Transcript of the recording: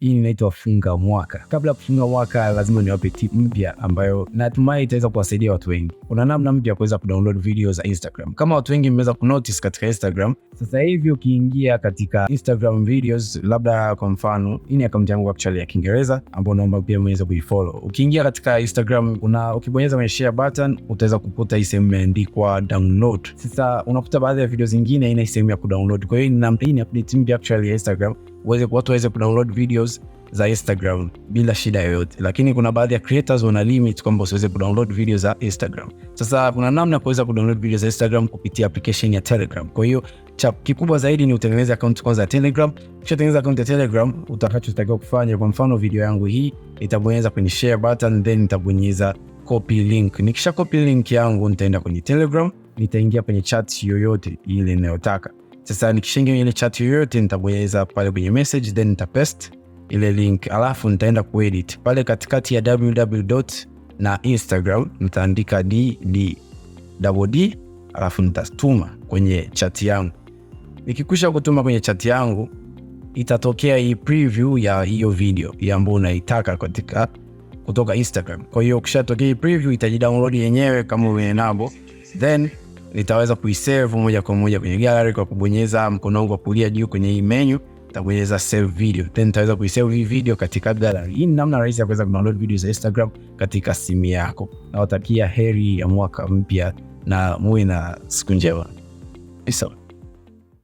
Hii inaitwa funga mwaka. Kabla ya kufunga mwaka, lazima niwape tip mpya ambayo natumai itaweza kuwasaidia watu wengi. Kuna namna mpya ya kuweza kudownload video za Instagram. Kama watu wengi mmeweza kunotice katika Instagram, sasa hivi ukiingia katika Instagram videos, labda kwa mfano, hii ni akaunti yangu actually ya Kiingereza ambayo naomba pia mweze kuifollow. Ukiingia katika Instagram una ukibonyeza kwenye share button, utaweza kukuta hii sehemu imeandikwa download. Sasa unakuta baadhi ya video zingine ina sehemu ya kudownload. Kwa hiyo hii ni update mpya actually ya Instagram uweze watu waweze kudownload videos za Instagram bila shida yoyote, lakini kuna baadhi ya creators wana limit kwamba usiweze kudownload video za Instagram. Sasa kuna namna ya kuweza kudownload video za Instagram kupitia application ya Telegram. Kwa hiyo cha kikubwa zaidi ni utengeneze account kwanza ya Telegram. Kisha tengeneza account ya Telegram, utakachotakiwa kufanya, kwa mfano video yangu hii, itabonyeza kwenye share button, then itabonyeza copy link. Nikisha copy link yangu, nitaenda kwenye Telegram, nitaingia kwenye chat yoyote ile ninayotaka. Sasa nikishaingia ile chat yoyote nitabonyeza pale kwenye message, then nita nitapaste ile link, alafu nitaenda kuedit pale katikati ya www na Instagram nitaandika d d double d, alafu nitatuma kwenye chat yangu. Nikikwisha kutuma kwenye chat yangu itatokea hii preview ya hiyo video ambayo unaitaka katika kutoka Instagram. Kwa hiyo ukishatokea hii preview itajidownload yenyewe kama uwe then nitaweza kuisave moja kwa moja kwenye gallery kwa kubonyeza mkono wangu wa kulia juu kwenye hii menu, nitabonyeza save video, then nitaweza kuisave hii video katika gallery. Hii ni namna rahisi ya kuweza kudownload video za Instagram katika simu yako. Nawatakia heri ya mwaka mpya na muwe na siku njema. Peace out.